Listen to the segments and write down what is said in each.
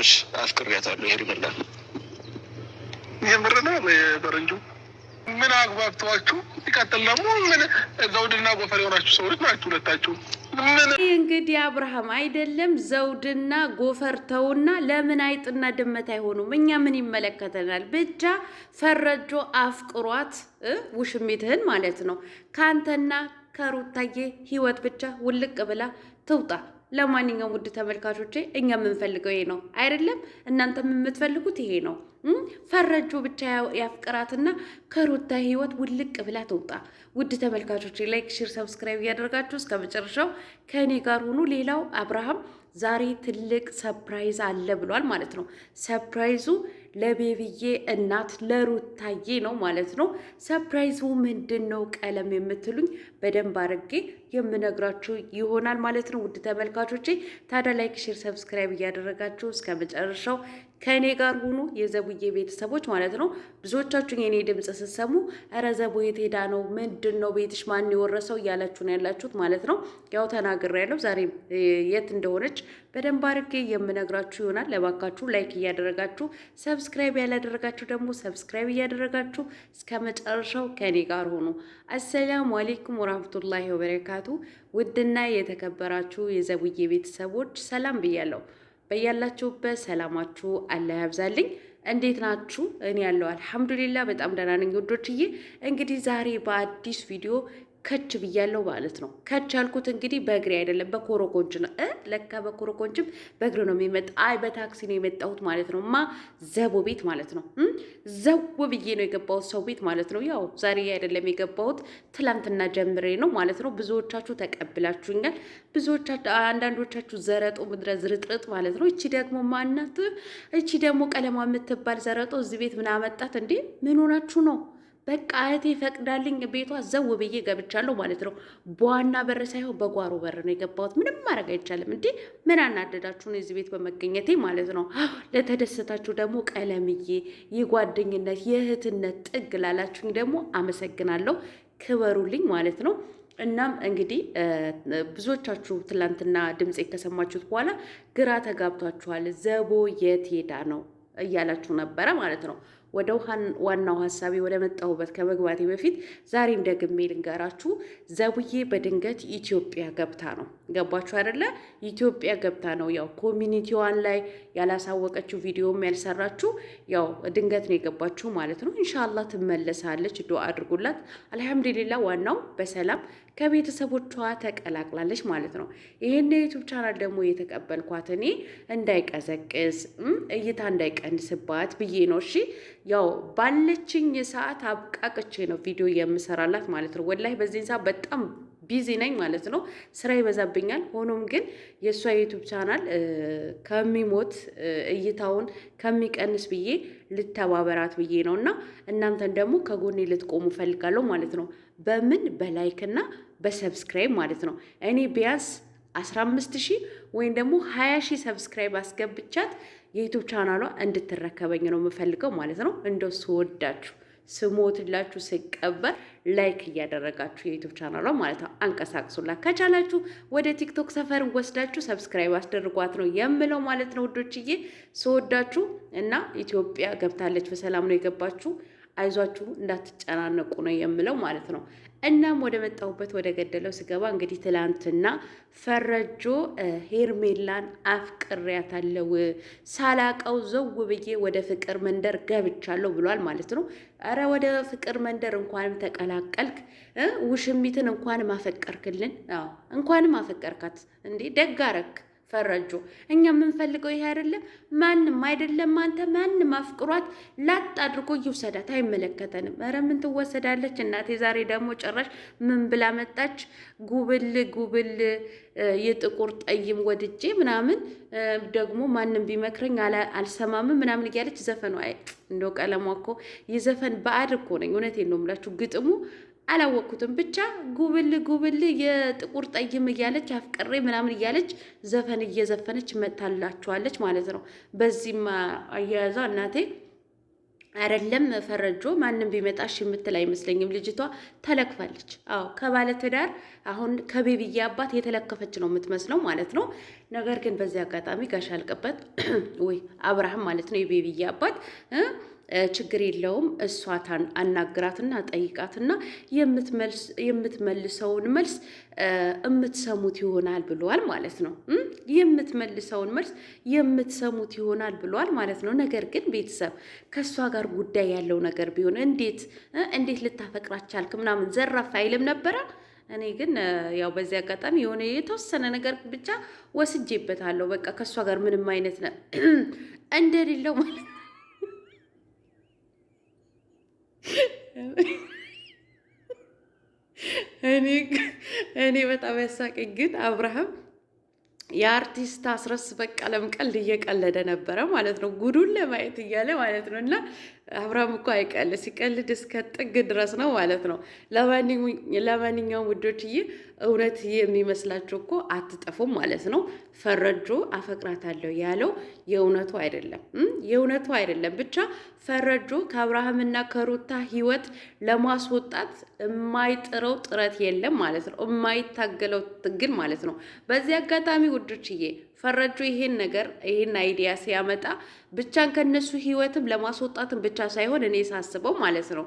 ብሽ አፍቅሬያታለሁ። ሄርሜላ የምር ነው በረንጁ ምን አግባብተዋችሁ ሲቀጥል ደግሞ ምን ዘውድና ጎፈር የሆናችሁ ሰዎች ናችሁ ሁለታችሁ። ይህ እንግዲህ አብርሃም አይደለም ዘውድና ጎፈርተውና ለምን አይጥና ድመት አይሆኑም? እኛ ምን ይመለከተናል? ብቻ ፈረጆ አፍቅሯት ውሽሚትህን ማለት ነው። ካንተና ከሩታዬ ህይወት ብቻ ውልቅ ብላ ትውጣ። ለማንኛውም ውድ ተመልካቾቼ እኛ የምንፈልገው ይሄ ነው አይደለም? እናንተም የምትፈልጉት ይሄ ነው። ፈረጆ ብቻ ያፍቅራትና ከሩታ ህይወት ውልቅ ብላ ትውጣ። ውድ ተመልካቾቼ ላይክ፣ ሼር፣ ሰብስክራይብ እያደረጋችሁ እስከ መጨረሻው ከእኔ ጋር ሆኑ። ሌላው አብርሃም ዛሬ ትልቅ ሰፕራይዝ አለ ብሏል ማለት ነው። ሰፕራይዙ ለቤብዬ እናት ለሩታዬ ነው ማለት ነው። ሰርፕራይዙ ምንድን ነው ቀለም የምትሉኝ በደንብ አድርጌ የምነግራችሁ ይሆናል ማለት ነው። ውድ ተመልካቾቼ ታዲያ ላይክ፣ ሼር፣ ሰብስክራይብ እያደረጋችሁ እስከ መጨረሻው ከእኔ ጋር ሁኑ የዘቡዬ ቤተሰቦች ማለት ነው። ብዙዎቻችሁን የእኔ ድምፅ ስትሰሙ ኧረ ዘቡ የት ሄዳ ነው? ምንድን ነው ቤትሽ ማን የወረሰው እያላችሁ ነው ያላችሁት ማለት ነው። ያው ተናግሬያለሁ። ዛሬ የት እንደሆነች በደንብ አድርጌ የምነግራችሁ ይሆናል። ለባካችሁ ላይክ እያደረጋችሁ ሰብስክራይብ ያላደረጋችሁ ደግሞ ሰብስክራይብ እያደረጋችሁ እስከ መጨረሻው ከእኔ ጋር ሆኑ። አሰላሙ አሌይኩም ወራህመቱላሂ ወበረካቱ። ውድና የተከበራችሁ የዘቡዬ ቤተሰቦች ሰላም ብያለሁ። በያላችሁበት ሰላማችሁ አላ ያብዛልኝ። እንዴት ናችሁ? እኔ ያለው አልሐምዱሊላ በጣም ደህና ነኝ ውዶችዬ። እንግዲህ ዛሬ በአዲስ ቪዲዮ ከች ብያለው ማለት ነው። ከች ያልኩት እንግዲህ በእግሬ አይደለም በኮረኮንች ነው። ለካ በኮረኮንችም በእግሬ ነው የሚመጣ። አይ በታክሲ ነው የመጣሁት ማለት ነው። ማ ዘቦ ቤት ማለት ነው። ዘው ብዬ ነው የገባሁት ሰው ቤት ማለት ነው። ያው ዛሬ አይደለም የገባሁት ትላንትና ጀምሬ ነው ማለት ነው። ብዙዎቻችሁ ተቀብላችሁኛል። ብዙዎቻችሁ አንዳንዶቻችሁ ዘረጦ ምድረ ዝርጥርጥ ማለት ነው። እቺ ደግሞ ማናት? እቺ ደግሞ ቀለማ የምትባል ዘረጦ እዚህ ቤት ምናመጣት እንዴ? ምን ሆናችሁ ነው? በቃ እህቴ ፈቅዳልኝ ቤቷ ዘው ብዬ ገብቻለሁ ማለት ነው። በዋና በር ሳይሆን በጓሮ በር ነው የገባሁት። ምንም ማድረግ አይቻልም። እንዴ ምን አናደዳችሁን እዚህ ቤት በመገኘቴ ማለት ነው። ለተደሰታችሁ ደግሞ ቀለምዬ፣ የጓደኝነት የእህትነት ጥግ ላላችሁኝ ደግሞ አመሰግናለሁ። ክበሩልኝ ማለት ነው። እናም እንግዲህ ብዙዎቻችሁ ትላንትና ድምፄ ከሰማችሁት በኋላ ግራ ተጋብቷችኋል። ዘቦ የት ሄዳ ነው እያላችሁ ነበረ ማለት ነው። ወደ ዋናው ሀሳቤ ወደ መጣሁበት ከመግባቴ በፊት ዛሬም ደግሜ ልንገራችሁ። ዘቡዬ በድንገት ኢትዮጵያ ገብታ ነው። ገባችሁ አይደለ? ኢትዮጵያ ገብታ ነው። ያው ኮሚኒቲዋን ላይ ያላሳወቀችው ቪዲዮም ያልሰራችሁ ያው ድንገት ነው የገባችሁ ማለት ነው። እንሻላ ትመለሳለች። ዱአ አድርጉላት። አልሐምዱሊላ ዋናው በሰላም ከቤተሰቦቿ ተቀላቅላለች ማለት ነው። ይህን የዩቱብ ቻናል ደግሞ የተቀበልኳት እኔ እንዳይቀዘቅዝ እይታ እንዳይቀንስባት ብዬ ነው እሺ ያው ባለችኝ ሰዓት አብቃቅቼ ነው ቪዲዮ የምሰራላት ማለት ነው። ወላሂ በዚህን ሰዓት በጣም ቢዚ ነኝ ማለት ነው። ስራ ይበዛብኛል። ሆኖም ግን የእሷ ዩቱብ ቻናል ከሚሞት እይታውን ከሚቀንስ ብዬ ልተባበራት ብዬ ነው እና እናንተን ደግሞ ከጎኔ ልትቆሙ ፈልጋለሁ ማለት ነው። በምን በላይክ እና በሰብስክራይብ ማለት ነው እኔ ቢያንስ አምስት ሺህ ወይም ደግሞ 20 ሺህ ሰብስክራይብ አስገብቻት የዩቱብ ቻናሏ እንድትረከበኝ ነው የምፈልገው ማለት ነው። እንደው ስወዳችሁ ስሞትላችሁ ስቀበር ላይክ እያደረጋችሁ የዩቱብ ቻናሏ ማለት ነው አንቀሳቅሱላት። ከቻላችሁ ወደ ቲክቶክ ሰፈር ወስዳችሁ ሰብስክራይብ አስደርጓት ነው የምለው ማለት ነው ውዶችዬ። ስወዳችሁ እና ኢትዮጵያ ገብታለች በሰላም ነው የገባችሁ አይዟችሁ እንዳትጨናነቁ ነው የምለው ማለት ነው። እናም ወደ መጣሁበት ወደ ገደለው ስገባ እንግዲህ ትላንትና ፈረጆ ሄርሜላን አፍቅሬያታለሁ ሳላቀው ዘው ብዬ ወደ ፍቅር መንደር ገብቻለሁ ብሏል ማለት ነው። ኧረ ወደ ፍቅር መንደር እንኳንም ተቀላቀልክ፣ ውሽሚትን እንኳንም አፈቀርክልን፣ እንኳንም አፈቀርካት እንዴ ደግ አረክ። ፈረጁ። እኛ የምንፈልገው ይሄ አይደለም። ማንም አይደለም አንተ ማንም አፍቅሯት ላጥ አድርጎ ይውሰዳት፣ አይመለከተንም። ኧረ ምን ትወሰዳለች እናቴ? ዛሬ ደግሞ ጭራሽ ምን ብላ መጣች? ጉብል ጉብል የጥቁር ጠይም ወድጄ ምናምን ደግሞ ማንም ቢመክረኝ አልሰማምም ምናምን እያለች ዘፈኑ። አይ እንደው ቀለሟ እኮ የዘፈን ባዕድ እኮ ነኝ። እውነቴን ነው የምላችሁ ግጥሙ አላወቅኩትም። ብቻ ጉብል ጉብል የጥቁር ጠይም እያለች አፍቅሬ ምናምን እያለች ዘፈን እየዘፈነች መታላችኋለች ማለት ነው። በዚህም አያያዟ እናቴ አይደለም ፈረጆ ማንም ቢመጣሽ የምትል አይመስለኝም። ልጅቷ ተለክፋለች። አዎ ከባለትዳር አሁን ከቤቢዬ አባት የተለከፈች ነው የምትመስለው ማለት ነው። ነገር ግን በዚህ አጋጣሚ ጋሻ አልቀበት ወይ አብርሃም ማለት ነው የቤቢዬ አባት ችግር የለውም እሷታን አናግራትና ጠይቃትና የምትመልሰውን መልስ የምትሰሙት ይሆናል ብለዋል ማለት ነው። የምትመልሰውን መልስ የምትሰሙት ይሆናል ብለዋል ማለት ነው። ነገር ግን ቤተሰብ ከእሷ ጋር ጉዳይ ያለው ነገር ቢሆን እንዴት እንዴት ልታፈቅራት ቻልክ ምናምን ዘራፍ አይልም ነበረ። እኔ ግን ያው በዚህ አጋጣሚ የሆነ የተወሰነ ነገር ብቻ ወስጄበታለሁ። በቃ ከእሷ ጋር ምንም አይነት እንደሌለው ማለት ነው እኔ በጣም ያሳቀኝ ግን አብርሃም የአርቲስት አስረስ በቀለም ቀልድ እየቀለደ ነበረ ማለት ነው። ጉዱን ለማየት እያለ ማለት ነው። እና አብርሃም እኮ አይቀልድ ሲቀልድ እስከ ጥግ ድረስ ነው ማለት ነው። ለማንኛውም ውዶችዬ እውነት የሚመስላቸው እኮ አትጠፉም ማለት ነው። ፈረጆ አፈቅራታለሁ ያለው የእውነቱ አይደለም፣ የእውነቱ አይደለም። ብቻ ፈረጆ ከአብርሃምና ከሩታ ህይወት ለማስወጣት የማይጥረው ጥረት የለም ማለት ነው፣ የማይታገለው ትግል ማለት ነው። በዚህ አጋጣሚ ውዶችዬ ፈረጁ ይሄን ነገር ይሄን አይዲያ ሲያመጣ ብቻን ከነሱ ህይወትም ለማስወጣትም ብቻ ሳይሆን እኔ ሳስበው ማለት ነው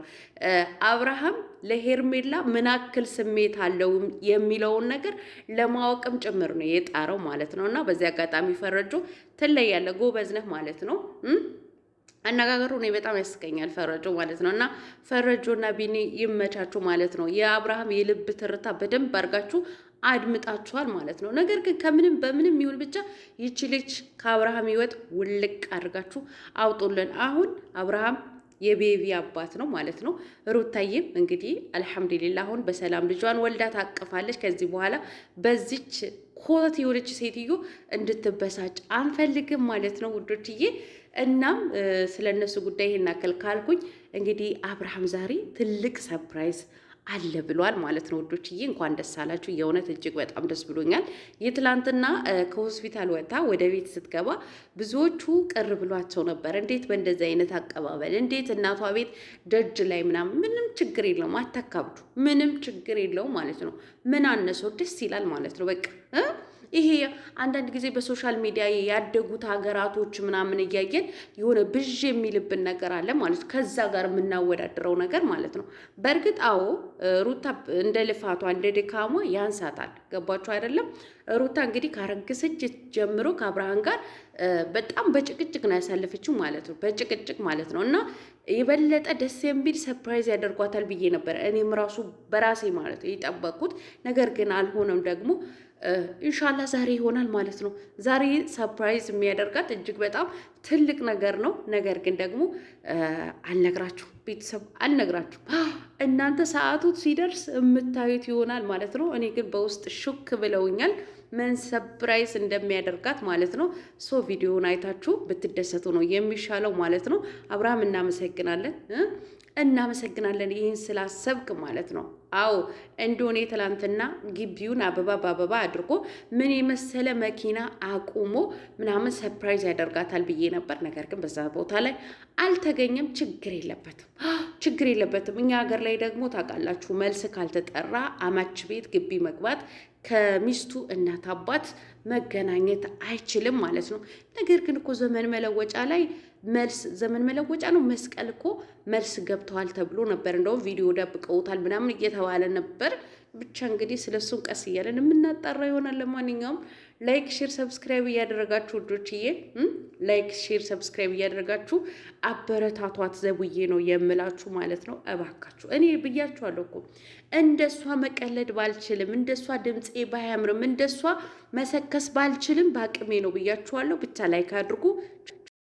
አብርሃም ለሄርሜላ ምን አክል ስሜት አለው የሚለውን ነገር ለማወቅም ጭምር ነው የጣረው ማለት ነው። እና በዚህ አጋጣሚ ፈረጁ ትለያለህ፣ ጎበዝ ነህ ማለት ነው። አነጋገሩ እኔ በጣም ያስቀኛል ፈረጁ ማለት ነው። እና ፈረጁና ቢኒ ይመቻችሁ ማለት ነው። የአብርሃም የልብ ትርታ በደንብ አድርጋችሁ አድምጣችኋል ማለት ነው። ነገር ግን ከምንም በምንም ይሁን ብቻ ይቺ ልጅ ከአብርሃም ህይወት ውልቅ አድርጋችሁ አውጡልን። አሁን አብርሃም የቤቢ አባት ነው ማለት ነው። ሩታዬም እንግዲህ አልሐምዱሊላ አሁን በሰላም ልጇን ወልዳ ታቅፋለች። ከዚህ በኋላ በዚች ኮት የሆነች ሴትዮ እንድትበሳጭ አንፈልግም ማለት ነው ውዶችዬ። እናም ስለ እነሱ ጉዳይ ይሄን ካልኩኝ እንግዲህ አብርሃም ዛሬ ትልቅ ሰርፕራይዝ አለ ብሏል ማለት ነው። ወዶችዬ እንኳን ደስ አላችሁ። የእውነት እጅግ በጣም ደስ ብሎኛል። የትላንትና ከሆስፒታል ወጥታ ወደ ቤት ስትገባ ብዙዎቹ ቅር ብሏቸው ነበር። እንዴት በእንደዚህ አይነት አቀባበል እንዴት እናቷ ቤት ደጅ ላይ ምናምን ምንም ችግር የለውም አታካብዱ፣ ምንም ችግር የለውም ማለት ነው። ምን አነሰው? ደስ ይላል ማለት ነው በቃ ይሄ አንዳንድ ጊዜ በሶሻል ሚዲያ ያደጉት ሀገራቶች ምናምን እያየን የሆነ ብዥ የሚልብን ነገር አለ ማለት ነው። ከዛ ጋር የምናወዳድረው ነገር ማለት ነው። በእርግጥ አዎ ሩታ እንደ ልፋቷ እንደ ድካሟ ያንሳታል። ገባችሁ አይደለም? ሩታ እንግዲህ ካረገሰች ጀምሮ ከአብርሃን ጋር በጣም በጭቅጭቅ ነው ያሳለፈችው ማለት ነው። በጭቅጭቅ ማለት ነው እና የበለጠ ደስ የሚል ሰርፕራይዝ ያደርጓታል ብዬ ነበር እኔም ራሱ በራሴ ማለት ነው የጠበቅኩት ነገር ግን አልሆነም ደግሞ ኢንሻላ ዛሬ ይሆናል ማለት ነው። ዛሬ ሰርፕራይዝ የሚያደርጋት እጅግ በጣም ትልቅ ነገር ነው። ነገር ግን ደግሞ አልነግራችሁ ቤተሰብ አልነግራችሁ እናንተ ሰዓቱ ሲደርስ የምታዩት ይሆናል ማለት ነው። እኔ ግን በውስጥ ሹክ ብለውኛል ምን ሰርፕራይዝ እንደሚያደርጋት ማለት ነው። ሶ ቪዲዮውን አይታችሁ ብትደሰቱ ነው የሚሻለው ማለት ነው። አብርሃም እናመሰግናለን፣ እናመሰግናለን ይህን ስላሰብክ ማለት ነው። አዎ እንደሆነ ትላንትና ግቢውን አበባ በአበባ አድርጎ ምን የመሰለ መኪና አቁሞ ምናምን ሰርፕራይዝ ያደርጋታል ብዬ ነበር። ነገር ግን በዛ ቦታ ላይ አልተገኘም። ችግር የለበትም፣ ችግር የለበትም። እኛ ሀገር ላይ ደግሞ ታውቃላችሁ፣ መልስ ካልተጠራ አማች ቤት ግቢ መግባት ከሚስቱ እናት አባት መገናኘት አይችልም ማለት ነው። ነገር ግን እኮ ዘመን መለወጫ ላይ መልስ ዘመን መለወጫ ነው። መስቀል እኮ መልስ ገብተዋል ተብሎ ነበር። እንደውም ቪዲዮ ደብቀውታል ምናምን እየታ እየተዋለ ነበር። ብቻ እንግዲህ ስለ እሱን ቀስ እያለን የምናጣራ ይሆናል። ለማንኛውም ላይክ፣ ሼር፣ ሰብስክራይብ እያደረጋችሁ ውዶችዬ፣ ላይክ፣ ሼር፣ ሰብስክራይብ እያደረጋችሁ አበረታቷት ዘቡዬ ነው የምላችሁ ማለት ነው። እባካችሁ እኔ ብያችኋለሁ እኮ እንደሷ መቀለድ ባልችልም፣ እንደሷ ድምፄ ባያምርም፣ እንደሷ መሰከስ ባልችልም በአቅሜ ነው ብያችኋለሁ። ብቻ ላይክ አድርጉ።